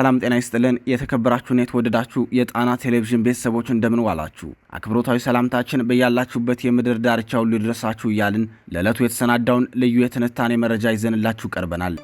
ሰላም ጤና ይስጥልን። የተከበራችሁና የተወደዳችሁ የጣና ቴሌቪዥን ቤተሰቦች እንደምን ዋላችሁ? አክብሮታዊ ሰላምታችን በያላችሁበት የምድር ዳርቻ ሁሉ ይድረሳችሁ እያልን ለዕለቱ የተሰናዳውን ልዩ የትንታኔ መረጃ ይዘንላችሁ ቀርበናል።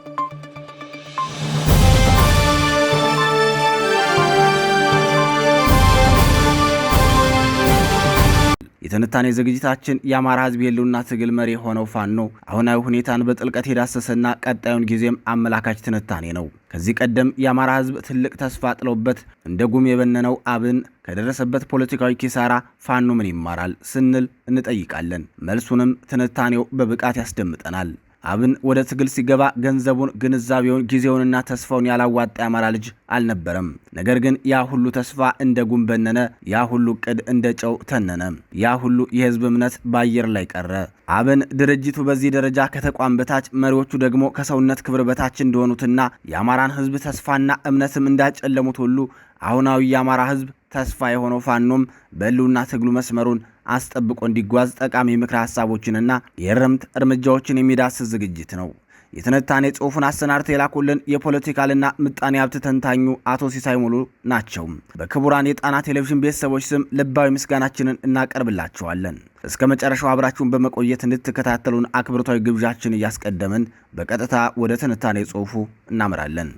የትንታኔ ዝግጅታችን የአማራ ህዝብ የህልውና ትግል መሪ የሆነው ፋኖ አሁናዊ ሁኔታን በጥልቀት የዳሰሰና ቀጣዩን ጊዜም አመላካች ትንታኔ ነው። ከዚህ ቀደም የአማራ ህዝብ ትልቅ ተስፋ ጥሎበት እንደ ጉም የበነነው አብን ከደረሰበት ፖለቲካዊ ኪሳራ ፋኖ ምን ይማራል ስንል እንጠይቃለን። መልሱንም ትንታኔው በብቃት ያስደምጠናል። አብን ወደ ትግል ሲገባ ገንዘቡን፣ ግንዛቤውን፣ ጊዜውንና ተስፋውን ያላዋጣ የአማራ ልጅ አልነበረም። ነገር ግን ያ ሁሉ ተስፋ እንደ ጉም በነነ፣ ያ ሁሉ ቅድ እንደ ጨው ተነነ፣ ያ ሁሉ የህዝብ እምነት በአየር ላይ ቀረ። አብን ድርጅቱ በዚህ ደረጃ ከተቋም በታች መሪዎቹ ደግሞ ከሰውነት ክብር በታች እንደሆኑትና የአማራን ህዝብ ተስፋና እምነትም እንዳጨለሙት ሁሉ አሁናዊ የአማራ ህዝብ ተስፋ የሆነው ፋኖም በህልውና ትግሉ መስመሩን አስጠብቆ እንዲጓዝ ጠቃሚ ምክረ ሀሳቦችንና የእርምት እርምጃዎችን የሚዳስስ ዝግጅት ነው። የትንታኔ ጽሑፉን አሰናድተው የላኩልን የፖለቲካልና ምጣኔ ሀብት ተንታኙ አቶ ሲሳይ ሙሉ ናቸው። በክቡራን የጣና ቴሌቪዥን ቤተሰቦች ስም ልባዊ ምስጋናችንን እናቀርብላቸዋለን። እስከ መጨረሻው አብራችሁን በመቆየት እንድትከታተሉን አክብሮታዊ ግብዣችን እያስቀደምን በቀጥታ ወደ ትንታኔ ጽሑፉ እናምራለን።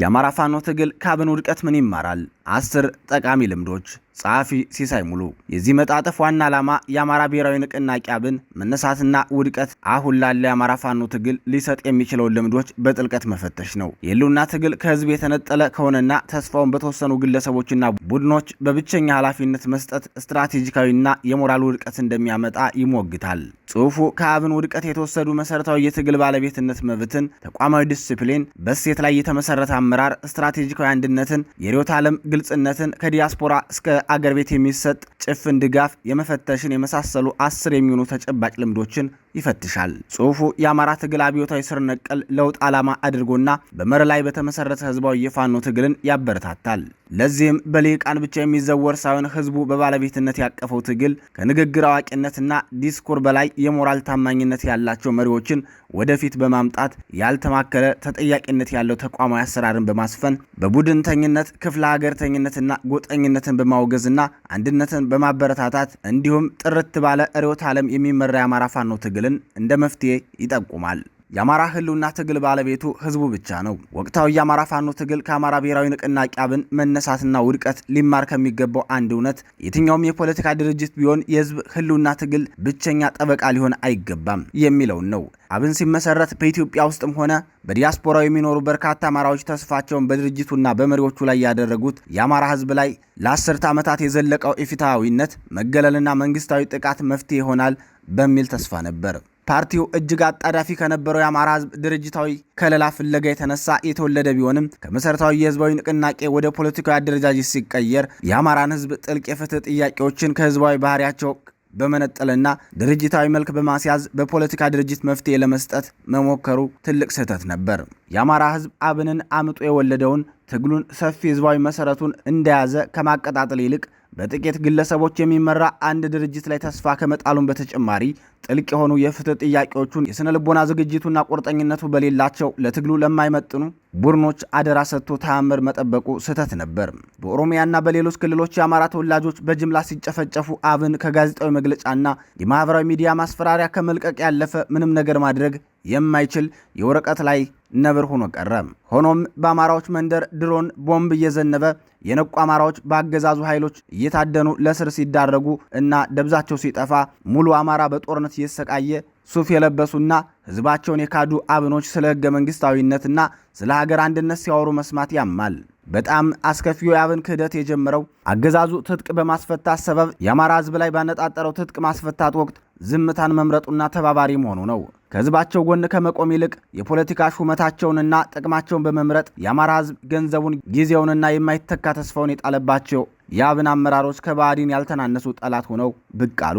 የአማራ ፋኖ ትግል ካብን ውድቀት ምን ይማራል? አስር ጠቃሚ ልምዶች ጸሐፊ ሲሳይ ሙሉ። የዚህ መጣጠፍ ዋና ዓላማ የአማራ ብሔራዊ ንቅናቄ አብን መነሳትና ውድቀት አሁን ላለ የአማራ ፋኖ ትግል ሊሰጥ የሚችለውን ልምዶች በጥልቀት መፈተሽ ነው። የህልውና ትግል ከህዝብ የተነጠለ ከሆነና ተስፋውን በተወሰኑ ግለሰቦችና ቡድኖች በብቸኛ ኃላፊነት መስጠት ስትራቴጂካዊና የሞራል ውድቀት እንደሚያመጣ ይሞግታል። ጽሑፉ ከአብን ውድቀት የተወሰዱ መሠረታዊ የትግል ባለቤትነት መብትን፣ ተቋማዊ ዲስፕሊን፣ በሴት ላይ የተመሰረተ አመራር፣ ስትራቴጂካዊ አንድነትን፣ የርዕዮተ ዓለም ግልጽነትን ከዲያስፖራ እስከ አገር ቤት የሚሰጥ ጭፍን ድጋፍ የመፈተሽን የመሳሰሉ አስር የሚሆኑ ተጨባጭ ልምዶችን ይፈትሻል። ጽሁፉ የአማራ ትግል አብዮታዊ ስር ነቀል ለውጥ ዓላማ አድርጎና በመር ላይ በተመሰረተ ህዝባዊ የፋኖ ትግልን ያበረታታል። ለዚህም በልሂቃን ብቻ የሚዘወር ሳይሆን ህዝቡ በባለቤትነት ያቀፈው ትግል ከንግግር አዋቂነትና ዲስኩር በላይ የሞራል ታማኝነት ያላቸው መሪዎችን ወደፊት በማምጣት ያልተማከለ ተጠያቂነት ያለው ተቋማዊ አሰራርን በማስፈን በቡድንተኝነት ክፍለ ሀገርተኝነትና ጎጠኝነትን በማውገዝና አንድነትን በማበረታታት እንዲሁም ጥርት ባለ ርዕዮተ ዓለም የሚመራ የአማራ ፋኖ ትግል ትግልን እንደ መፍትሄ ይጠቁማል። የአማራ ህልውና ትግል ባለቤቱ ህዝቡ ብቻ ነው። ወቅታዊ የአማራ ፋኖ ትግል ከአማራ ብሔራዊ ንቅናቄ አብን መነሳትና ውድቀት ሊማር ከሚገባው አንድ እውነት የትኛውም የፖለቲካ ድርጅት ቢሆን የህዝብ ህልውና ትግል ብቸኛ ጠበቃ ሊሆን አይገባም የሚለውን ነው። አብን ሲመሰረት በኢትዮጵያ ውስጥም ሆነ በዲያስፖራ የሚኖሩ በርካታ አማራዎች ተስፋቸውን በድርጅቱና በመሪዎቹ ላይ ያደረጉት የአማራ ህዝብ ላይ ለአስርት ዓመታት የዘለቀው ኢፍትሐዊነት መገለልና መንግስታዊ ጥቃት መፍትሄ ይሆናል በሚል ተስፋ ነበር። ፓርቲው እጅግ አጣዳፊ ከነበረው የአማራ ህዝብ ድርጅታዊ ከለላ ፍለጋ የተነሳ የተወለደ ቢሆንም ከመሰረታዊ የህዝባዊ ንቅናቄ ወደ ፖለቲካዊ አደረጃጀት ሲቀየር የአማራን ህዝብ ጥልቅ የፍትህ ጥያቄዎችን ከህዝባዊ ባህሪያቸው በመነጠልና ድርጅታዊ መልክ በማስያዝ በፖለቲካ ድርጅት መፍትሄ ለመስጠት መሞከሩ ትልቅ ስህተት ነበር። የአማራ ህዝብ አብንን አምጦ የወለደውን ትግሉን ሰፊ ህዝባዊ መሰረቱን እንደያዘ ከማቀጣጠል ይልቅ በጥቂት ግለሰቦች የሚመራ አንድ ድርጅት ላይ ተስፋ ከመጣሉን በተጨማሪ ጥልቅ የሆኑ የፍትህ ጥያቄዎቹን የሥነ ልቦና ዝግጅቱና ቁርጠኝነቱ በሌላቸው ለትግሉ ለማይመጥኑ ቡድኖች አደራ ሰጥቶ ተአምር መጠበቁ ስህተት ነበር። በኦሮሚያና በሌሎች ክልሎች የአማራ ተወላጆች በጅምላ ሲጨፈጨፉ አብን ከጋዜጣዊ መግለጫና የማህበራዊ ሚዲያ ማስፈራሪያ ከመልቀቅ ያለፈ ምንም ነገር ማድረግ የማይችል የወረቀት ላይ ነብር ሆኖ ቀረ። ሆኖም በአማራዎች መንደር ድሮን ቦምብ እየዘነበ የነቁ አማራዎች በአገዛዙ ኃይሎች እየታደኑ ለስር ሲዳረጉ እና ደብዛቸው ሲጠፋ ሙሉ አማራ በጦርነት ዓመት እየተሰቃየ ሱፍ የለበሱና ህዝባቸውን የካዱ አብኖች ስለ ህገ መንግስታዊነትና ስለ ሀገር አንድነት ሲያወሩ መስማት ያማል። በጣም አስከፊው የአብን ክህደት የጀመረው አገዛዙ ትጥቅ በማስፈታት ሰበብ የአማራ ህዝብ ላይ ባነጣጠረው ትጥቅ ማስፈታት ወቅት ዝምታን መምረጡና ተባባሪ መሆኑ ነው። ከህዝባቸው ጎን ከመቆም ይልቅ የፖለቲካ ሹመታቸውንና ጥቅማቸውን በመምረጥ የአማራ ህዝብ ገንዘቡን፣ ጊዜውንና የማይተካ ተስፋውን የጣለባቸው የአብን አመራሮች ከባዕድን ያልተናነሱ ጠላት ሆነው ብቅ አሉ።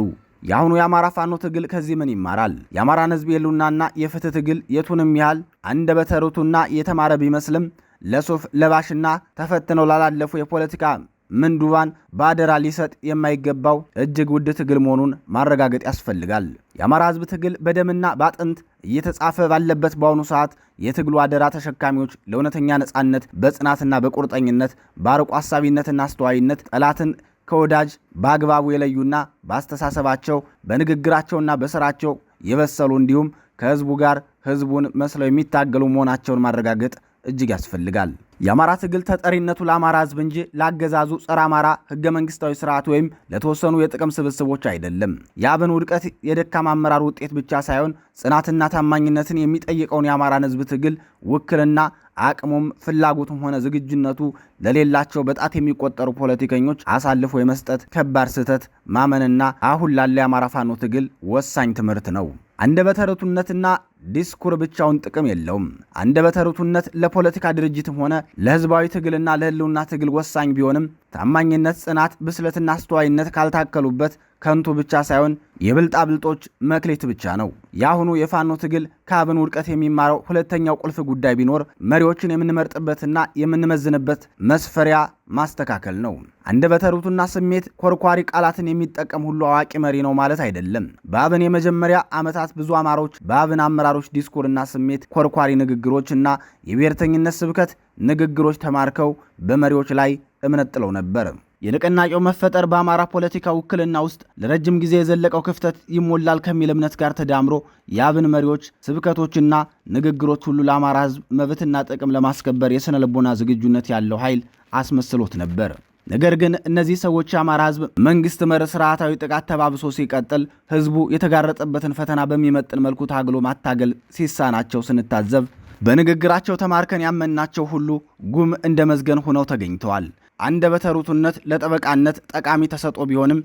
የአሁኑ የአማራ ፋኖ ትግል ከዚህ ምን ይማራል? የአማራን ህዝብ የሉናና የፍትህ ትግል የቱንም ያህል አንደ በተሩቱና የተማረ ቢመስልም ለሱፍ ለባሽና ተፈትነው ላላለፉ የፖለቲካ ምንዱባን በአደራ ሊሰጥ የማይገባው እጅግ ውድ ትግል መሆኑን ማረጋገጥ ያስፈልጋል። የአማራ ህዝብ ትግል በደምና በአጥንት እየተጻፈ ባለበት በአሁኑ ሰዓት የትግሉ አደራ ተሸካሚዎች ለእውነተኛ ነጻነት በጽናትና በቁርጠኝነት በአርቆ አሳቢነትና አስተዋይነት ጠላትን ከወዳጅ በአግባቡ የለዩና በአስተሳሰባቸው በንግግራቸውና በስራቸው የበሰሉ እንዲሁም ከህዝቡ ጋር ህዝቡን መስለው የሚታገሉ መሆናቸውን ማረጋገጥ እጅግ ያስፈልጋል። የአማራ ትግል ተጠሪነቱ ለአማራ ህዝብ እንጂ ላገዛዙ ጸረ አማራ ህገ መንግስታዊ ስርዓት ወይም ለተወሰኑ የጥቅም ስብስቦች አይደለም። የአብን ውድቀት የደካማ አመራር ውጤት ብቻ ሳይሆን ጽናትና ታማኝነትን የሚጠይቀውን የአማራን ህዝብ ትግል ውክልና አቅሙም ፍላጎቱም ሆነ ዝግጁነቱ ለሌላቸው በጣት የሚቆጠሩ ፖለቲከኞች አሳልፎ የመስጠት ከባድ ስህተት ማመንና አሁን ላለ የአማራ ፋኖ ትግል ወሳኝ ትምህርት ነው። አንደበተርቱነትና ዲስኩር ብቻውን ጥቅም የለውም። አንደበተርቱነት ለፖለቲካ ድርጅትም ሆነ ለህዝባዊ ትግልና ለህልውና ትግል ወሳኝ ቢሆንም ታማኝነት፣ ጽናት፣ ብስለትና አስተዋይነት ካልታከሉበት ከንቱ ብቻ ሳይሆን የብልጣ ብልጦች መክሌት ብቻ ነው። የአሁኑ የፋኖ ትግል ከአብን ውድቀት የሚማረው ሁለተኛው ቁልፍ ጉዳይ ቢኖር መሪዎችን የምንመርጥበትና የምንመዝንበት መስፈሪያ ማስተካከል ነው። አንደበተ ርቱዕና ስሜት ኮርኳሪ ቃላትን የሚጠቀም ሁሉ አዋቂ መሪ ነው ማለት አይደለም። በአብን የመጀመሪያ ዓመታት ብዙ አማሮች በአብን አመራሮች ዲስኩርና ስሜት ኮርኳሪ ንግግሮች እና የብሔርተኝነት ስብከት ንግግሮች ተማርከው በመሪዎች ላይ እምነት ጥለው ነበር። የንቅናቄው መፈጠር በአማራ ፖለቲካ ውክልና ውስጥ ለረጅም ጊዜ የዘለቀው ክፍተት ይሞላል ከሚል እምነት ጋር ተዳምሮ የአብን መሪዎች ስብከቶችና ንግግሮች ሁሉ ለአማራ ሕዝብ መብትና ጥቅም ለማስከበር የሥነ ልቦና ዝግጁነት ያለው ኃይል አስመስሎት ነበር። ነገር ግን እነዚህ ሰዎች የአማራ ህዝብ መንግስት መር ስርዓታዊ ጥቃት ተባብሶ ሲቀጥል ህዝቡ የተጋረጠበትን ፈተና በሚመጥን መልኩ ታግሎ ማታገል ሲሳናቸው ስንታዘብ በንግግራቸው ተማርከን ያመንናቸው ሁሉ ጉም እንደ መዝገን ሆነው ተገኝተዋል። አንደበተ ርቱዕነት ለጠበቃነት ጠቃሚ ተሰጦ ቢሆንም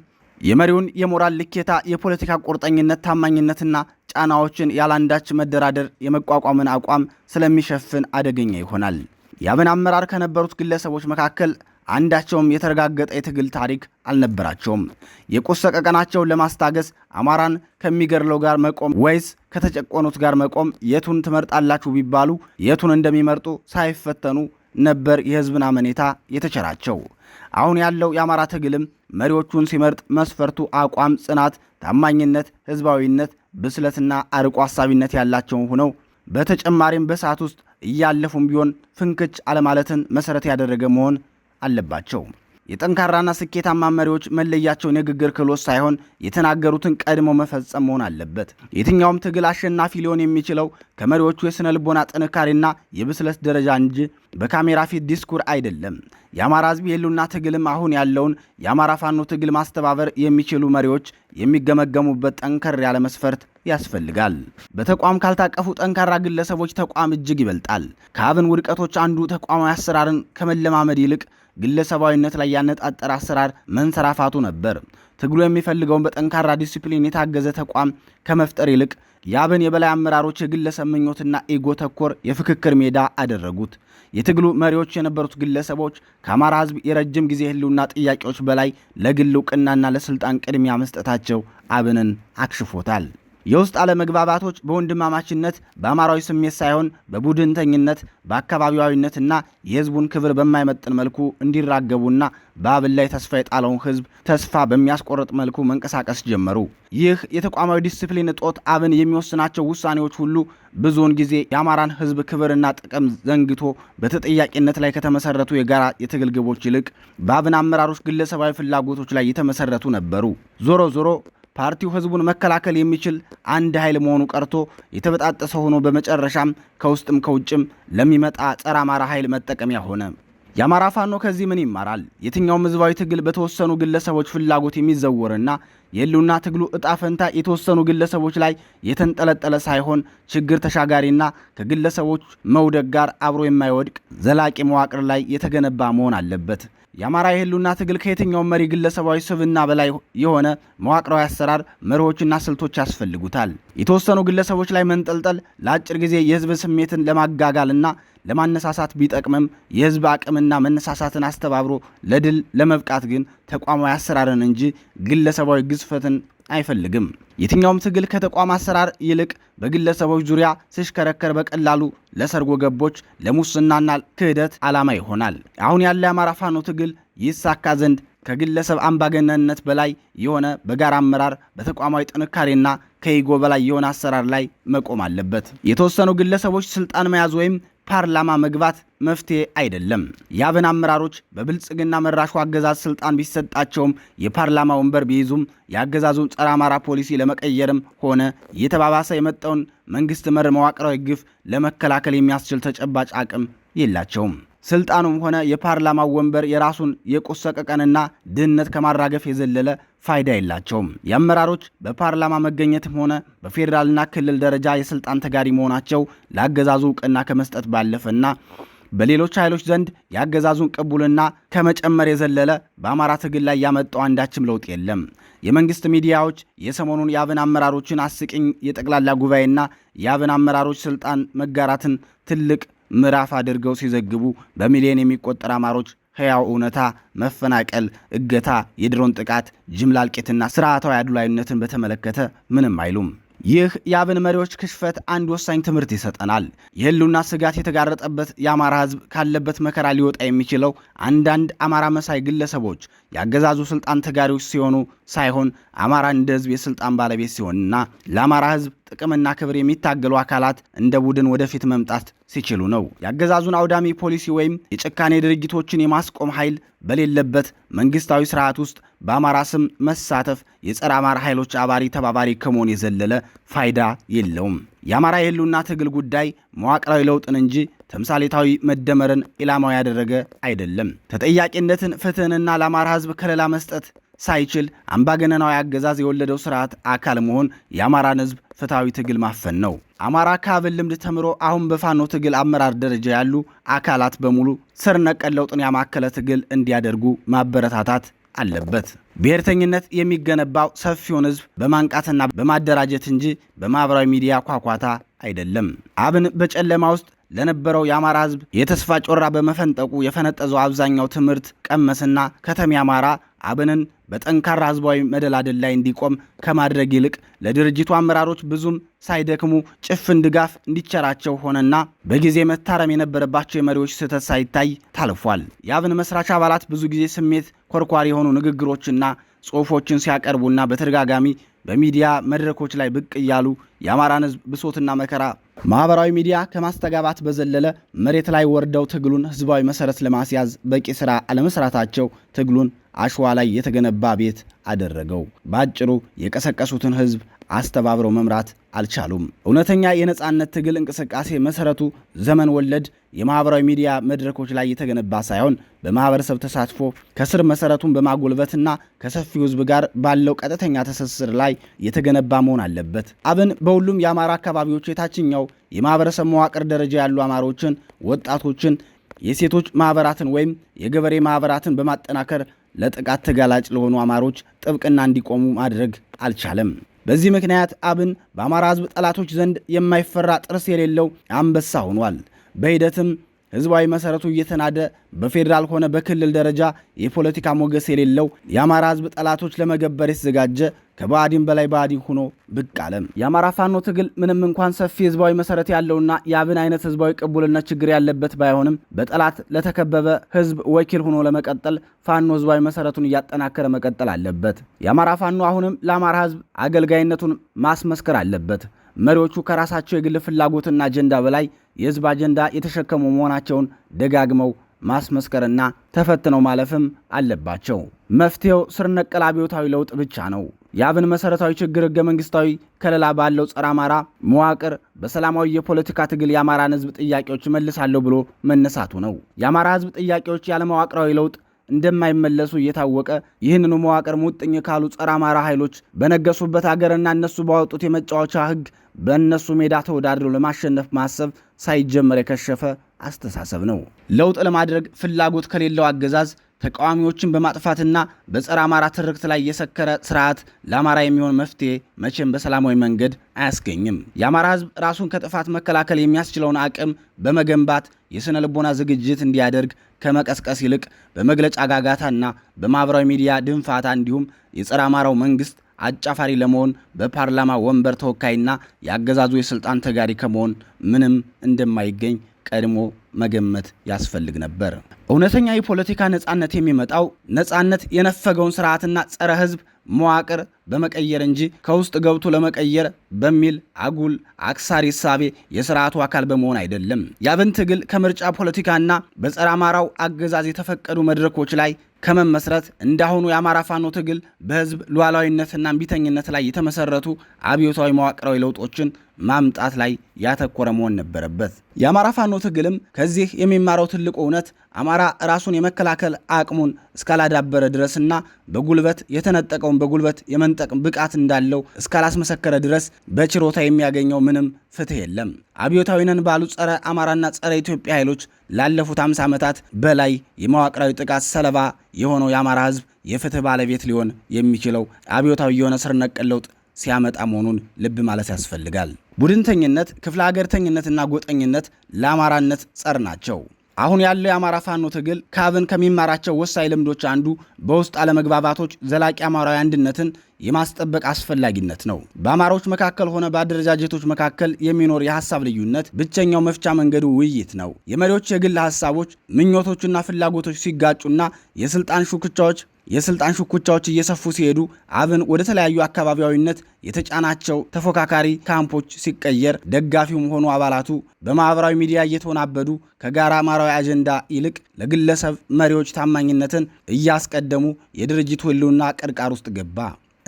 የመሪውን የሞራል ልኬታ፣ የፖለቲካ ቁርጠኝነት፣ ታማኝነትና ጫናዎችን ያላንዳች መደራደር የመቋቋምን አቋም ስለሚሸፍን አደገኛ ይሆናል። የአብን አመራር ከነበሩት ግለሰቦች መካከል አንዳቸውም የተረጋገጠ የትግል ታሪክ አልነበራቸውም። የቁሰቀቀናቸውን ለማስታገስ አማራን ከሚገድለው ጋር መቆም ወይስ ከተጨቆኑት ጋር መቆም የቱን ትመርጣላችሁ ቢባሉ የቱን እንደሚመርጡ ሳይፈተኑ ነበር የህዝብን አመኔታ የተቸራቸው። አሁን ያለው የአማራ ትግልም መሪዎቹን ሲመርጥ መስፈርቱ አቋም፣ ጽናት፣ ታማኝነት፣ ህዝባዊነት፣ ብስለትና አርቆ ሀሳቢነት ያላቸው ሆነው በተጨማሪም በሰዓት ውስጥ እያለፉም ቢሆን ፍንክች አለማለትን መሰረት ያደረገ መሆን አለባቸው። የጠንካራና ስኬታማ መሪዎች መለያቸው ንግግር ክህሎት ሳይሆን የተናገሩትን ቀድሞ መፈጸም መሆን አለበት። የትኛውም ትግል አሸናፊ ሊሆን የሚችለው ከመሪዎቹ የሥነ ልቦና ጥንካሬና የብስለት ደረጃ እንጂ በካሜራ ፊት ዲስኩር አይደለም። የአማራ ሕዝብ የህልውና ትግልም አሁን ያለውን የአማራ ፋኖ ትግል ማስተባበር የሚችሉ መሪዎች የሚገመገሙበት ጠንከር ያለ መስፈርት ያስፈልጋል። በተቋም ካልታቀፉ ጠንካራ ግለሰቦች ተቋም እጅግ ይበልጣል። ከአብን ውድቀቶች አንዱ ተቋማዊ አሰራርን ከመለማመድ ይልቅ ግለሰባዊነት ላይ ያነጣጠረ አሰራር መንሰራፋቱ ነበር። ትግሉ የሚፈልገውን በጠንካራ ዲሲፕሊን የታገዘ ተቋም ከመፍጠር ይልቅ የአብን የበላይ አመራሮች የግለሰብ ምኞትና ኢጎ ተኮር የፍክክር ሜዳ አደረጉት። የትግሉ መሪዎች የነበሩት ግለሰቦች ከአማራ ሕዝብ የረጅም ጊዜ ህልውና ጥያቄዎች በላይ ለግል እውቅናና ለስልጣን ቅድሚያ መስጠታቸው አብንን አክሽፎታል። የውስጥ አለመግባባቶች በወንድማማችነት በአማራዊ ስሜት ሳይሆን በቡድንተኝነት በአካባቢያዊነትና የህዝቡን ክብር በማይመጥን መልኩ እንዲራገቡና በአብን ላይ ተስፋ የጣለውን ህዝብ ተስፋ በሚያስቆርጥ መልኩ መንቀሳቀስ ጀመሩ። ይህ የተቋማዊ ዲስፕሊን እጦት አብን የሚወስናቸው ውሳኔዎች ሁሉ ብዙውን ጊዜ የአማራን ህዝብ ክብርና ጥቅም ዘንግቶ በተጠያቂነት ላይ ከተመሰረቱ የጋራ የትግል ግቦች ይልቅ በአብን አመራሮች ግለሰባዊ ፍላጎቶች ላይ የተመሰረቱ ነበሩ። ዞሮ ዞሮ ፓርቲው ህዝቡን መከላከል የሚችል አንድ ኃይል መሆኑ ቀርቶ የተበጣጠሰ ሆኖ በመጨረሻም ከውስጥም ከውጭም ለሚመጣ ጸረ አማራ ኃይል መጠቀሚያ ሆነ። የአማራ ፋኖ ከዚህ ምን ይማራል? የትኛውም ህዝባዊ ትግል በተወሰኑ ግለሰቦች ፍላጎት የሚዘወርና የህልውና ትግሉ እጣ ፈንታ የተወሰኑ ግለሰቦች ላይ የተንጠለጠለ ሳይሆን ችግር ተሻጋሪና ከግለሰቦች መውደቅ ጋር አብሮ የማይወድቅ ዘላቂ መዋቅር ላይ የተገነባ መሆን አለበት። የአማራ የህልውና ትግል ከየትኛውም መሪ ግለሰባዊ ስብና በላይ የሆነ መዋቅራዊ አሰራር፣ መርሆችና ስልቶች ያስፈልጉታል። የተወሰኑ ግለሰቦች ላይ መንጠልጠል ለአጭር ጊዜ የህዝብ ስሜትን ለማጋጋልና ለማነሳሳት ቢጠቅምም የህዝብ አቅምና መነሳሳትን አስተባብሮ ለድል ለመብቃት ግን ተቋማዊ አሰራርን እንጂ ግለሰባዊ ግዝፈትን አይፈልግም። የትኛውም ትግል ከተቋም አሰራር ይልቅ በግለሰቦች ዙሪያ ሲሽከረከር በቀላሉ ለሰርጎ ገቦች፣ ለሙስናና ክህደት ዓላማ ይሆናል። አሁን ያለ የአማራ ፋኖ ትግል ይሳካ ዘንድ ከግለሰብ አምባገነንነት በላይ የሆነ በጋራ አመራር በተቋማዊ ጥንካሬና ከኢጎ በላይ የሆነ አሰራር ላይ መቆም አለበት። የተወሰኑ ግለሰቦች ስልጣን መያዝ ወይም ፓርላማ መግባት መፍትሄ አይደለም። የአብን አመራሮች በብልጽግና መራሹ አገዛዝ ስልጣን ቢሰጣቸውም የፓርላማ ወንበር ቢይዙም የአገዛዙን ጸረ አማራ ፖሊሲ ለመቀየርም ሆነ እየተባባሰ የመጣውን መንግስት መር መዋቅራዊ ግፍ ለመከላከል የሚያስችል ተጨባጭ አቅም የላቸውም። ስልጣኑም ሆነ የፓርላማው ወንበር የራሱን የቁሰቀቀንና ድህነት ከማራገፍ የዘለለ ፋይዳ የላቸውም። የአመራሮች በፓርላማ መገኘትም ሆነ በፌዴራልና ክልል ደረጃ የስልጣን ተጋሪ መሆናቸው ለአገዛዙ እውቅና ከመስጠት ባለፈና በሌሎች ኃይሎች ዘንድ የአገዛዙን ቅቡልና ከመጨመር የዘለለ በአማራ ትግል ላይ ያመጣው አንዳችም ለውጥ የለም። የመንግስት ሚዲያዎች የሰሞኑን የአብን አመራሮችን አስቂኝ የጠቅላላ ጉባኤና የአብን አመራሮች ስልጣን መጋራትን ትልቅ ምዕራፍ አድርገው ሲዘግቡ በሚሊዮን የሚቆጠር አማሮች ሕያው እውነታ፣ መፈናቀል፣ እገታ፣ የድሮን ጥቃት፣ ጅምላ እልቂትና ስርዓታዊ አድሏዊነትን በተመለከተ ምንም አይሉም። ይህ የአብን መሪዎች ክሽፈት አንድ ወሳኝ ትምህርት ይሰጠናል። የህልውና ስጋት የተጋረጠበት የአማራ ህዝብ ካለበት መከራ ሊወጣ የሚችለው አንዳንድ አማራ መሳይ ግለሰቦች የአገዛዙ ስልጣን ተጋሪዎች ሲሆኑ ሳይሆን አማራ እንደ ህዝብ የስልጣን ባለቤት ሲሆንና ለአማራ ህዝብ ጥቅምና ክብር የሚታገሉ አካላት እንደ ቡድን ወደፊት መምጣት ሲችሉ ነው። የአገዛዙን አውዳሚ ፖሊሲ ወይም የጭካኔ ድርጊቶችን የማስቆም ኃይል በሌለበት መንግስታዊ ስርዓት ውስጥ በአማራ ስም መሳተፍ የጸረ አማራ ኃይሎች አባሪ ተባባሪ ከመሆን የዘለለ ፋይዳ የለውም። የአማራ የህልውና ትግል ጉዳይ መዋቅራዊ ለውጥን እንጂ ተምሳሌታዊ መደመርን ኢላማው ያደረገ አይደለም። ተጠያቂነትን፣ ፍትህንና ለአማራ ህዝብ ከለላ መስጠት ሳይችል አምባገነናዊ አገዛዝ የወለደው ስርዓት አካል መሆን የአማራን ህዝብ ፍትሐዊ ትግል ማፈን ነው። አማራ ከአብን ልምድ ተምሮ አሁን በፋኖ ትግል አመራር ደረጃ ያሉ አካላት በሙሉ ስር ነቀል ለውጥን ያማከለ ትግል እንዲያደርጉ ማበረታታት አለበት። ብሔርተኝነት የሚገነባው ሰፊውን ህዝብ በማንቃትና በማደራጀት እንጂ በማኅበራዊ ሚዲያ ኳኳታ አይደለም። አብን በጨለማ ውስጥ ለነበረው የአማራ ሕዝብ የተስፋ ጮራ በመፈንጠቁ የፈነጠዘው አብዛኛው ትምህርት ቀመስና ከተሜ አማራ አብንን በጠንካራ ህዝባዊ መደላደል ላይ እንዲቆም ከማድረግ ይልቅ ለድርጅቱ አመራሮች ብዙም ሳይደክሙ ጭፍን ድጋፍ እንዲቸራቸው ሆነና በጊዜ መታረም የነበረባቸው የመሪዎች ስህተት ሳይታይ ታልፏል። የአብን መስራች አባላት ብዙ ጊዜ ስሜት ኮርኳሪ የሆኑ ንግግሮችና ጽሑፎችን ሲያቀርቡና በተደጋጋሚ በሚዲያ መድረኮች ላይ ብቅ እያሉ የአማራን ህዝብ ብሶትና መከራ ማህበራዊ ሚዲያ ከማስተጋባት በዘለለ መሬት ላይ ወርደው ትግሉን ህዝባዊ መሰረት ለማስያዝ በቂ ስራ አለመስራታቸው ትግሉን አሸዋ ላይ የተገነባ ቤት አደረገው። በአጭሩ የቀሰቀሱትን ህዝብ አስተባብረው መምራት አልቻሉም። እውነተኛ የነፃነት ትግል እንቅስቃሴ መሰረቱ ዘመን ወለድ የማህበራዊ ሚዲያ መድረኮች ላይ የተገነባ ሳይሆን በማህበረሰብ ተሳትፎ ከስር መሰረቱን በማጎልበትና ከሰፊው ህዝብ ጋር ባለው ቀጥተኛ ትስስር ላይ የተገነባ መሆን አለበት። አብን በሁሉም የአማራ አካባቢዎች የታችኛው የማህበረሰብ መዋቅር ደረጃ ያሉ አማሮችን፣ ወጣቶችን፣ የሴቶች ማህበራትን ወይም የገበሬ ማህበራትን በማጠናከር ለጥቃት ተጋላጭ ለሆኑ አማሮች ጥብቅና እንዲቆሙ ማድረግ አልቻለም። በዚህ ምክንያት አብን በአማራ ህዝብ ጠላቶች ዘንድ የማይፈራ ጥርስ የሌለው አንበሳ ሆኗል። በሂደትም ህዝባዊ መሰረቱ እየተናደ በፌዴራል ሆነ በክልል ደረጃ የፖለቲካ ሞገስ የሌለው የአማራ ህዝብ ጠላቶች ለመገበር የተዘጋጀ ከባዲን በላይ ባዕዲ ሆኖ ብቅ አለም። የአማራ ፋኖ ትግል ምንም እንኳን ሰፊ ህዝባዊ መሰረት ያለውና የአብን አይነት ህዝባዊ ቅቡልነት ችግር ያለበት ባይሆንም በጠላት ለተከበበ ህዝብ ወኪል ሆኖ ለመቀጠል ፋኖ ህዝባዊ መሰረቱን እያጠናከረ መቀጠል አለበት። የአማራ ፋኖ አሁንም ለአማራ ህዝብ አገልጋይነቱን ማስመስከር አለበት። መሪዎቹ ከራሳቸው የግል ፍላጎትና አጀንዳ በላይ የህዝብ አጀንዳ የተሸከሙ መሆናቸውን ደጋግመው ማስመስከርና ተፈትነው ማለፍም አለባቸው። መፍትሄው ስር ነቀል አብዮታዊ ለውጥ ብቻ ነው። የአብን መሰረታዊ ችግር ህገ መንግስታዊ ከለላ ባለው ጸረ አማራ መዋቅር በሰላማዊ የፖለቲካ ትግል የአማራን ህዝብ ጥያቄዎች መልሳለሁ ብሎ መነሳቱ ነው። የአማራ ህዝብ ጥያቄዎች ያለመዋቅራዊ ለውጥ እንደማይመለሱ እየታወቀ ይህንኑ መዋቅር ሙጥኝ ካሉ ጸረ አማራ ኃይሎች በነገሱበት አገርና እነሱ ባወጡት የመጫወቻ ሕግ በእነሱ ሜዳ ተወዳድሮ ለማሸነፍ ማሰብ ሳይጀመር የከሸፈ አስተሳሰብ ነው። ለውጥ ለማድረግ ፍላጎት ከሌለው አገዛዝ ተቃዋሚዎችን በማጥፋትና በጸረ አማራ ትርክት ላይ የሰከረ ስርዓት ለአማራ የሚሆን መፍትሄ መቼም በሰላማዊ መንገድ አያስገኝም። የአማራ ሕዝብ ራሱን ከጥፋት መከላከል የሚያስችለውን አቅም በመገንባት የሥነ ልቦና ዝግጅት እንዲያደርግ ከመቀስቀስ ይልቅ በመግለጫ ጋጋታና በማኅበራዊ ሚዲያ ድንፋታ እንዲሁም የጸረ አማራው መንግስት አጫፋሪ ለመሆን በፓርላማ ወንበር ተወካይና የአገዛዙ የስልጣን ተጋሪ ከመሆን ምንም እንደማይገኝ ቀድሞ መገመት ያስፈልግ ነበር። እውነተኛ የፖለቲካ ነጻነት የሚመጣው ነጻነት የነፈገውን ስርዓትና ጸረ ህዝብ መዋቅር በመቀየር እንጂ ከውስጥ ገብቶ ለመቀየር በሚል አጉል አክሳሪ ሳቤ የስርዓቱ አካል በመሆን አይደለም። የአብን ትግል ከምርጫ ፖለቲካና በጸረ አማራው አገዛዝ የተፈቀዱ መድረኮች ላይ ከመመስረት እንዳሁኑ የአማራ ፋኖ ትግል በህዝብ ሉዓላዊነትና እምቢተኝነት ላይ የተመሰረቱ አብዮታዊ መዋቅራዊ ለውጦችን ማምጣት ላይ ያተኮረ መሆን ነበረበት። የአማራ ፋኖ ትግልም ከዚህ የሚማረው ትልቁ እውነት አማራ ራሱን የመከላከል አቅሙን እስካላዳበረ ድረስና በጉልበት የተነጠቀውን በጉልበት የመንጠቅ ብቃት እንዳለው እስካላስመሰከረ ድረስ በችሮታ የሚያገኘው ምንም ፍትህ የለም። አብዮታዊ ነን ባሉ ጸረ አማራና ጸረ ኢትዮጵያ ኃይሎች ላለፉት 50 ዓመታት በላይ የመዋቅራዊ ጥቃት ሰለባ የሆነው የአማራ ህዝብ የፍትህ ባለቤት ሊሆን የሚችለው አብዮታዊ የሆነ ስር ነቀል ለውጥ ሲያመጣ መሆኑን ልብ ማለት ያስፈልጋል። ቡድንተኝነት፣ ክፍለ ሀገርተኝነትና ጎጠኝነት ለአማራነት ጸር ናቸው። አሁን ያለው የአማራ ፋኖ ትግል ከአብን ከሚማራቸው ወሳኝ ልምዶች አንዱ በውስጥ አለመግባባቶች ዘላቂ አማራዊ አንድነትን የማስጠበቅ አስፈላጊነት ነው። በአማራዎች መካከል ሆነ በአደረጃጀቶች መካከል የሚኖር የሀሳብ ልዩነት ብቸኛው መፍቻ መንገዱ ውይይት ነው። የመሪዎች የግል ሀሳቦች፣ ምኞቶችና ፍላጎቶች ሲጋጩና የስልጣን ሹክቻዎች የስልጣን ሽኩቻዎች እየሰፉ ሲሄዱ አብን ወደ ተለያዩ አካባቢያዊነት የተጫናቸው ተፎካካሪ ካምፖች ሲቀየር ደጋፊውም ሆኑ አባላቱ በማኅበራዊ ሚዲያ እየተወናበዱ ከጋራ አማራዊ አጀንዳ ይልቅ ለግለሰብ መሪዎች ታማኝነትን እያስቀደሙ የድርጅቱ ህልውና ቅርቃር ውስጥ ገባ።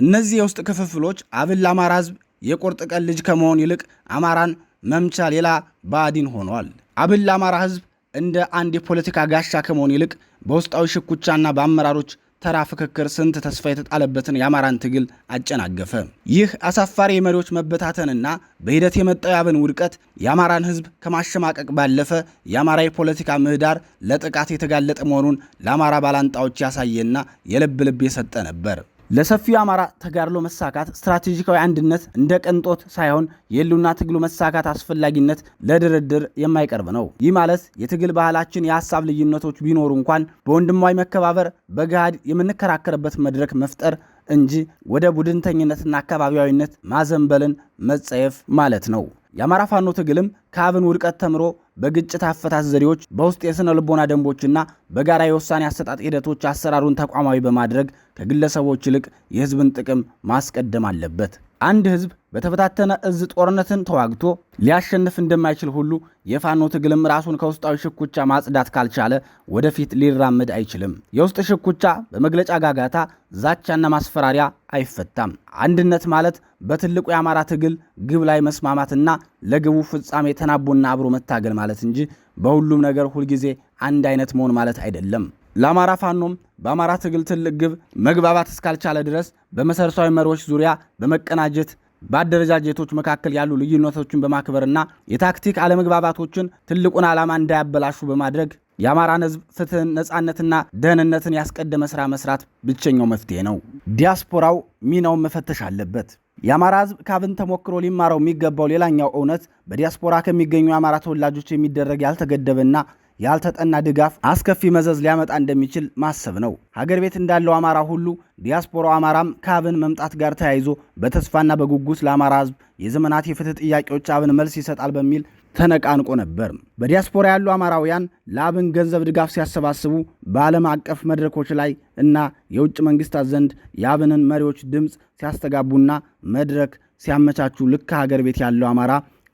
እነዚህ የውስጥ ክፍፍሎች አብን ለአማራ ህዝብ የቁርጥ ቀን ልጅ ከመሆን ይልቅ አማራን መምቻ ሌላ ባዕዲን ሆኗል። አብን ለአማራ ህዝብ እንደ አንድ የፖለቲካ ጋሻ ከመሆን ይልቅ በውስጣዊ ሽኩቻና በአመራሮች ተራ ፍክክር ስንት ተስፋ የተጣለበትን የአማራን ትግል አጨናገፈ። ይህ አሳፋሪ የመሪዎች መበታተንና በሂደት የመጣው ውድቀት የአማራን ሕዝብ ከማሸማቀቅ ባለፈ የአማራ የፖለቲካ ምህዳር ለጥቃት የተጋለጠ መሆኑን ለአማራ ባላንጣዎች ያሳየና የልብ ልብ የሰጠ ነበር። ለሰፊው አማራ ተጋድሎ መሳካት ስትራቴጂካዊ አንድነት እንደ ቅንጦት ሳይሆን የሉና ትግሉ መሳካት አስፈላጊነት ለድርድር የማይቀርብ ነው። ይህ ማለት የትግል ባህላችን የሀሳብ ልዩነቶች ቢኖሩ እንኳን በወንድማዊ መከባበር በገሃድ የምንከራከርበት መድረክ መፍጠር እንጂ ወደ ቡድንተኝነትና አካባቢያዊነት ማዘንበልን መጸየፍ ማለት ነው። የአማራ ፋኖ ትግልም ከአብን ውድቀት ተምሮ በግጭት አፈታት ዘዴዎች በውስጥ የሥነ ልቦና ደንቦችና በጋራ የውሳኔ አሰጣጥ ሂደቶች አሰራሩን ተቋማዊ በማድረግ ከግለሰቦች ይልቅ የሕዝብን ጥቅም ማስቀደም አለበት። አንድ ህዝብ በተበታተነ እዝ ጦርነትን ተዋግቶ ሊያሸንፍ እንደማይችል ሁሉ የፋኖ ትግልም ራሱን ከውስጣዊ ሽኩቻ ማጽዳት ካልቻለ ወደፊት ሊራመድ አይችልም። የውስጥ ሽኩቻ በመግለጫ ጋጋታ፣ ዛቻና ማስፈራሪያ አይፈታም። አንድነት ማለት በትልቁ የአማራ ትግል ግብ ላይ መስማማትና ለግቡ ፍጻሜ ተናቦና አብሮ መታገል ማለት እንጂ በሁሉም ነገር ሁልጊዜ አንድ አይነት መሆን ማለት አይደለም። ለአማራ ፋኖም በአማራ ትግል ትልቅ ግብ መግባባት እስካልቻለ ድረስ በመሰረታዊ መሪዎች ዙሪያ በመቀናጀት በአደረጃጀቶች መካከል ያሉ ልዩነቶችን በማክበርና የታክቲክ አለመግባባቶችን ትልቁን ዓላማ እንዳያበላሹ በማድረግ የአማራን ሕዝብ ፍትህን፣ ነፃነትና ደህንነትን ያስቀደመ ስራ መስራት ብቸኛው መፍትሄ ነው። ዲያስፖራው ሚናውን መፈተሽ አለበት። የአማራ ሕዝብ ካብን ተሞክሮ ሊማረው የሚገባው ሌላኛው እውነት በዲያስፖራ ከሚገኙ የአማራ ተወላጆች የሚደረግ ያልተገደበና ያልተጠና ድጋፍ አስከፊ መዘዝ ሊያመጣ እንደሚችል ማሰብ ነው። ሀገር ቤት እንዳለው አማራ ሁሉ ዲያስፖራው አማራም ከአብን መምጣት ጋር ተያይዞ በተስፋና በጉጉት ለአማራ ህዝብ የዘመናት የፍትህ ጥያቄዎች አብን መልስ ይሰጣል በሚል ተነቃንቆ ነበር። በዲያስፖራ ያሉ አማራውያን ለአብን ገንዘብ ድጋፍ ሲያሰባስቡ በዓለም አቀፍ መድረኮች ላይ እና የውጭ መንግስታት ዘንድ የአብንን መሪዎች ድምፅ ሲያስተጋቡና መድረክ ሲያመቻቹ ልክ ሀገር ቤት ያለው አማራ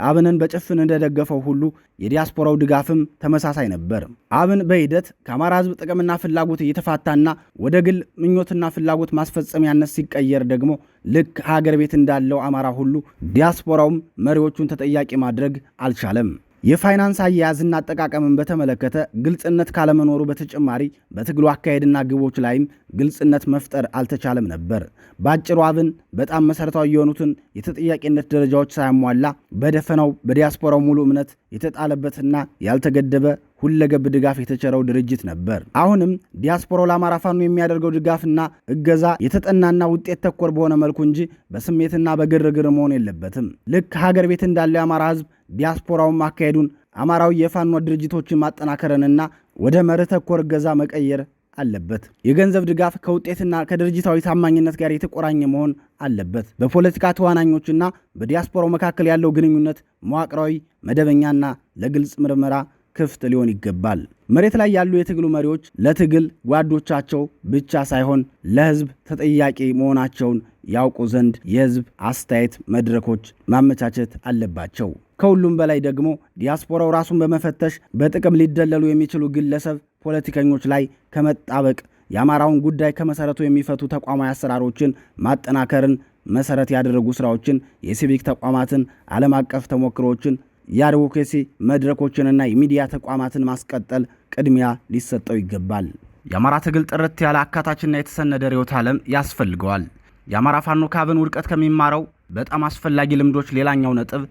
አብንን በጭፍን እንደደገፈው ሁሉ የዲያስፖራው ድጋፍም ተመሳሳይ ነበር። አብን በሂደት ከአማራ ሕዝብ ጥቅምና ፍላጎት እየተፋታና ወደ ግል ምኞትና ፍላጎት ማስፈጸሚያነት ሲቀየር ደግሞ ልክ ሀገር ቤት እንዳለው አማራ ሁሉ ዲያስፖራውም መሪዎቹን ተጠያቂ ማድረግ አልቻለም። የፋይናንስ አያያዝና አጠቃቀምን በተመለከተ ግልጽነት ካለመኖሩ በተጨማሪ በትግሉ አካሄድና ግቦች ላይም ግልጽነት መፍጠር አልተቻለም ነበር። በአጭሩ አብን በጣም መሰረታዊ የሆኑትን የተጠያቂነት ደረጃዎች ሳያሟላ በደፈናው በዲያስፖራው ሙሉ እምነት የተጣለበትና ያልተገደበ ሁለገብ ድጋፍ የተቸረው ድርጅት ነበር። አሁንም ዲያስፖራው ለአማራ ፋኖ የሚያደርገው ድጋፍና እገዛ የተጠናና ውጤት ተኮር በሆነ መልኩ እንጂ በስሜትና በግርግር መሆን የለበትም። ልክ ሀገር ቤት እንዳለው የአማራ ህዝብ ዲያስፖራውን ማካሄዱን አማራዊ የፋኖ ድርጅቶችን ማጠናከርንና ወደ መርህ ተኮር እገዛ መቀየር አለበት። የገንዘብ ድጋፍ ከውጤትና ከድርጅታዊ ታማኝነት ጋር የተቆራኘ መሆን አለበት። በፖለቲካ ተዋናኞችና በዲያስፖራው መካከል ያለው ግንኙነት መዋቅራዊ፣ መደበኛና ለግልጽ ምርመራ ክፍት ሊሆን ይገባል። መሬት ላይ ያሉ የትግሉ መሪዎች ለትግል ጓዶቻቸው ብቻ ሳይሆን ለሕዝብ ተጠያቂ መሆናቸውን ያውቁ ዘንድ የሕዝብ አስተያየት መድረኮች ማመቻቸት አለባቸው። ከሁሉም በላይ ደግሞ ዲያስፖራው ራሱን በመፈተሽ በጥቅም ሊደለሉ የሚችሉ ግለሰብ ፖለቲከኞች ላይ ከመጣበቅ የአማራውን ጉዳይ ከመሰረቱ የሚፈቱ ተቋማዊ አሰራሮችን ማጠናከርን መሰረት ያደረጉ ስራዎችን፣ የሲቪክ ተቋማትን፣ ዓለም አቀፍ ተሞክሮዎችን የአድቮኬሲ መድረኮችንና የሚዲያ ተቋማትን ማስቀጠል ቅድሚያ ሊሰጠው ይገባል። የአማራ ትግል ጥርት ያለ አካታችና የተሰነደ ርዕዮተ ዓለም ያስፈልገዋል። የአማራ ፋኖ ካብን ውድቀት ከሚማረው በጣም አስፈላጊ ልምዶች ሌላኛው ነጥብ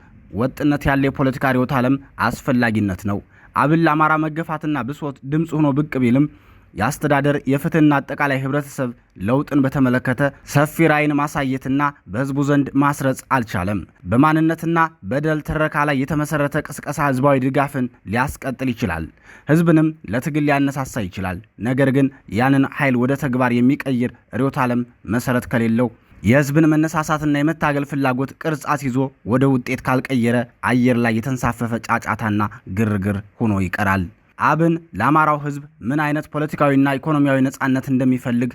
ወጥነት ያለ የፖለቲካ ርዕዮተ ዓለም አስፈላጊነት ነው። አብን ለአማራ መገፋትና ብሶት ድምፅ ሆኖ ብቅ ቢልም የአስተዳደር የፍትህና አጠቃላይ ህብረተሰብ ለውጥን በተመለከተ ሰፊ ራዕይን ማሳየትና በህዝቡ ዘንድ ማስረጽ አልቻለም። በማንነትና በደል ትረካ ላይ የተመሰረተ ቅስቀሳ ህዝባዊ ድጋፍን ሊያስቀጥል ይችላል፣ ህዝብንም ለትግል ሊያነሳሳ ይችላል። ነገር ግን ያንን ኃይል ወደ ተግባር የሚቀይር ርዕዮተ ዓለም መሰረት ከሌለው የህዝብን መነሳሳትና የመታገል ፍላጎት ቅርጽ አስይዞ ወደ ውጤት ካልቀየረ አየር ላይ የተንሳፈፈ ጫጫታና ግርግር ሆኖ ይቀራል። አብን ለአማራው ህዝብ ምን አይነት ፖለቲካዊና ኢኮኖሚያዊ ነጻነት እንደሚፈልግ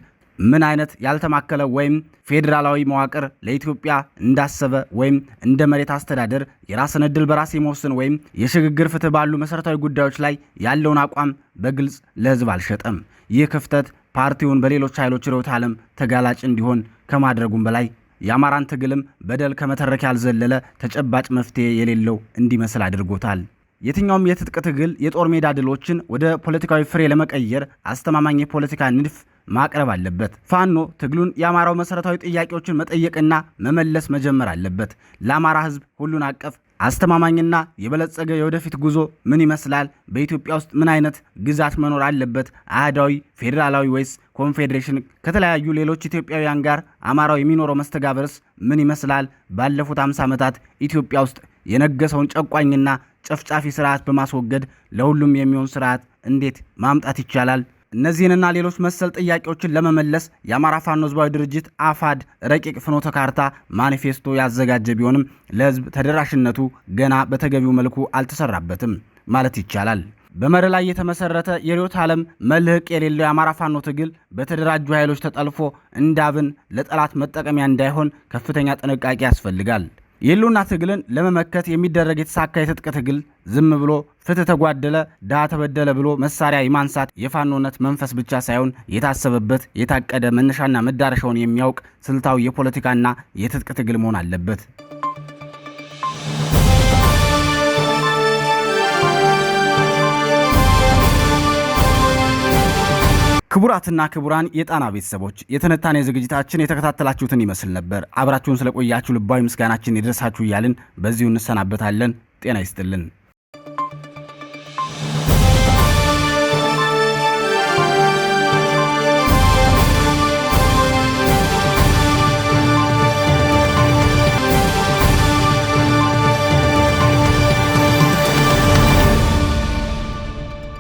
ምን አይነት ያልተማከለ ወይም ፌዴራላዊ መዋቅር ለኢትዮጵያ እንዳሰበ ወይም እንደ መሬት አስተዳደር፣ የራስን ዕድል በራስ የመወሰን ወይም የሽግግር ፍትህ ባሉ መሠረታዊ ጉዳዮች ላይ ያለውን አቋም በግልጽ ለህዝብ አልሸጠም። ይህ ክፍተት ፓርቲውን በሌሎች ኃይሎች ርዕዮተ ዓለም ተጋላጭ እንዲሆን ከማድረጉም በላይ የአማራን ትግልም በደል ከመተረክ ያልዘለለ ተጨባጭ መፍትሄ የሌለው እንዲመስል አድርጎታል። የትኛውም የትጥቅ ትግል የጦር ሜዳ ድሎችን ወደ ፖለቲካዊ ፍሬ ለመቀየር አስተማማኝ የፖለቲካ ንድፍ ማቅረብ አለበት። ፋኖ ትግሉን የአማራው መሰረታዊ ጥያቄዎችን መጠየቅና መመለስ መጀመር አለበት። ለአማራ ሕዝብ ሁሉን አቀፍ አስተማማኝና የበለጸገ የወደፊት ጉዞ ምን ይመስላል? በኢትዮጵያ ውስጥ ምን አይነት ግዛት መኖር አለበት? አህዳዊ፣ ፌዴራላዊ ወይስ ኮንፌዴሬሽን? ከተለያዩ ሌሎች ኢትዮጵያውያን ጋር አማራው የሚኖረው መስተጋበርስ ምን ይመስላል? ባለፉት 50 ዓመታት ኢትዮጵያ ውስጥ የነገሰውን ጨቋኝና ጨፍጫፊ ስርዓት በማስወገድ ለሁሉም የሚሆን ስርዓት እንዴት ማምጣት ይቻላል? እነዚህንና ሌሎች መሰል ጥያቄዎችን ለመመለስ የአማራ ፋኖ ህዝባዊ ድርጅት አፋድ ረቂቅ ፍኖተ ካርታ ማኒፌስቶ ያዘጋጀ ቢሆንም ለህዝብ ተደራሽነቱ ገና በተገቢው መልኩ አልተሰራበትም ማለት ይቻላል። በመርህ ላይ የተመሰረተ የርዕዮተ ዓለም መልህቅ የሌለው የአማራ ፋኖ ትግል በተደራጁ ኃይሎች ተጠልፎ እንዳብን ለጠላት መጠቀሚያ እንዳይሆን ከፍተኛ ጥንቃቄ ያስፈልጋል። የህልውና ትግልን ለመመከት የሚደረግ የተሳካ የትጥቅ ትግል ዝም ብሎ ፍትህ ተጓደለ፣ ድሃ ተበደለ ብሎ መሳሪያ የማንሳት የፋኖነት መንፈስ ብቻ ሳይሆን የታሰበበት የታቀደ መነሻና መዳረሻውን የሚያውቅ ስልታዊ የፖለቲካና የትጥቅ ትግል መሆን አለበት። ክቡራትና ክቡራን የጣና ቤተሰቦች የትንታኔ ዝግጅታችን የተከታተላችሁትን ይመስል ነበር። አብራችሁን ስለቆያችሁ ልባዊ ምስጋናችን ይድረሳችሁ እያልን በዚሁ እንሰናበታለን። ጤና ይስጥልን።